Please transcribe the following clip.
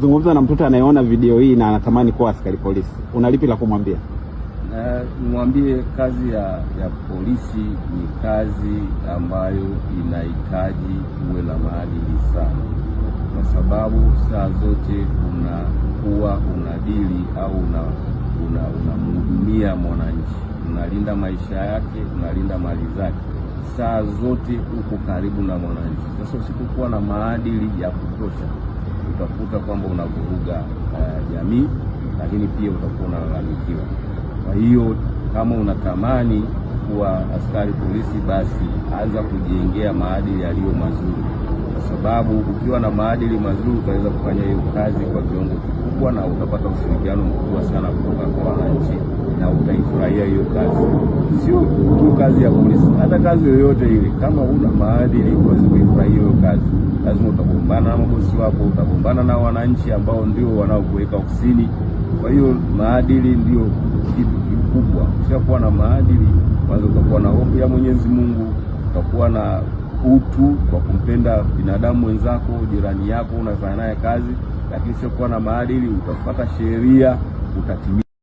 zungumza na mtoto anayeona video hii na anatamani kuwa askari polisi, una lipi la kumwambia? Eh, nimwambie kazi ya, ya polisi ni kazi ambayo inahitaji uwe na maadili sana, kwa sababu saa zote unakuwa unadili au unamhudumia una, una mwananchi, unalinda maisha yake, unalinda mali zake, saa zote uko karibu na mwananchi. Sasa usipokuwa na maadili ya kutosha utakuta kwamba unavuruga eh, jamii uh, lakini pia utakuwa unalalamikiwa. Kwa hiyo kama unatamani kuwa askari polisi, basi anza kujengea maadili yaliyo mazuri, kwa sababu ukiwa na maadili mazuri utaweza kufanya hiyo kazi kwa kiwango kikubwa, na utapata ushirikiano mkubwa sana kutoka kwa wananchi na utaifurahia hiyo kazi sio kazi ya polisi, hata kazi yoyote ile, kama una maadili, huwezi kuifurahia hiyo kazi. Lazima utagombana na mabosi wako, utagombana na wananchi ambao ndio wanaokuweka ofisini. Kwa hiyo maadili ndio kitu kikubwa. Ukishakuwa na maadili, kwanza utakuwa na hofu ya Mwenyezi Mungu, utakuwa na utu kwa kumpenda binadamu wenzako, jirani yako unafanya naye kazi. Lakini usiokuwa na maadili, utafuata sheria, utatimiza